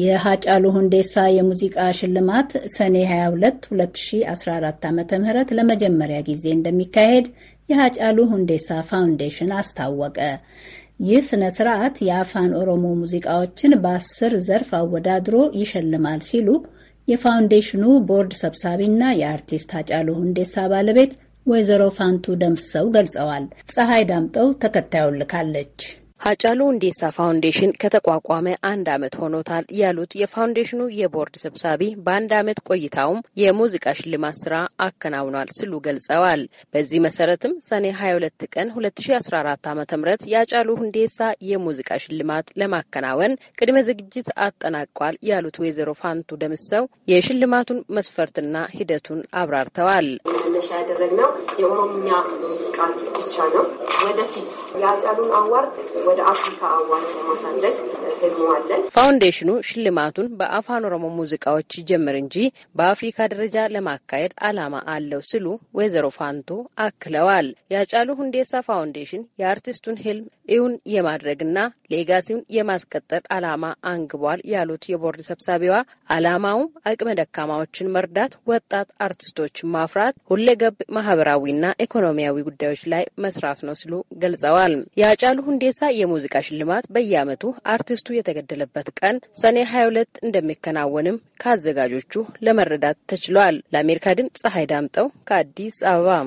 የሀጫሉ ሁንዴሳ የሙዚቃ ሽልማት ሰኔ 22 2014 ዓ ም ለመጀመሪያ ጊዜ እንደሚካሄድ የሀጫሉ ሁንዴሳ ፋውንዴሽን አስታወቀ። ይህ ስነ ስርዓት የአፋን ኦሮሞ ሙዚቃዎችን በአስር ዘርፍ አወዳድሮ ይሸልማል ሲሉ የፋውንዴሽኑ ቦርድ ሰብሳቢና የአርቲስት ሀጫሉ ሁንዴሳ ባለቤት ወይዘሮ ፋንቱ ደምሰው ገልጸዋል። ፀሐይ ዳምጠው ተከታዩን ልካለች። ሀጫሉ ሁንዴሳ ፋውንዴሽን ከተቋቋመ አንድ ዓመት ሆኖታል ያሉት የፋውንዴሽኑ የቦርድ ሰብሳቢ በአንድ ዓመት ቆይታውም የሙዚቃ ሽልማት ስራ አከናውኗል ሲሉ ገልጸዋል። በዚህ መሰረትም ሰኔ 22 ቀን 2014 ዓ ም የሀጫሉ ሁንዴሳ የሙዚቃ ሽልማት ለማከናወን ቅድመ ዝግጅት አጠናቋል ያሉት ወይዘሮ ፋንቱ ደምሰው የሽልማቱን መስፈርትና ሂደቱን አብራርተዋል። መነሻ ያደረግነው የኦሮምኛ ሙዚቃ ብቻ ነው። ወደፊት የሀጫሉን አዋርድ ወደ አፍሪካ አዋን ለማሳደግ ህልመዋለን። ፋውንዴሽኑ ሽልማቱን በአፋን ኦሮሞ ሙዚቃዎች ይጀምር እንጂ በአፍሪካ ደረጃ ለማካሄድ ዓላማ አለው ሲሉ ወይዘሮ ፋንቶ አክለዋል። ያጫሉ ሁንዴሳ ፋውንዴሽን የአርቲስቱን ህልም እውን የማድረግና ሌጋሲውን የማስቀጠል ዓላማ አንግቧል ያሉት የቦርድ ሰብሳቢዋ አላማው አቅመ ደካማዎችን መርዳት፣ ወጣት አርቲስቶችን ማፍራት፣ ሁለገብ ማህበራዊና ኢኮኖሚያዊ ጉዳዮች ላይ መስራት ነው ሲሉ ገልጸዋል። ያጫሉ ሁንዴሳ የሙዚቃ ሽልማት በየዓመቱ አርቲስቱ የተገደለበት ቀን ሰኔ 22 እንደሚከናወንም ከአዘጋጆቹ ለመረዳት ተችሏል። ለአሜሪካ ድምፅ ፀሐይ ዳምጠው ከአዲስ አበባ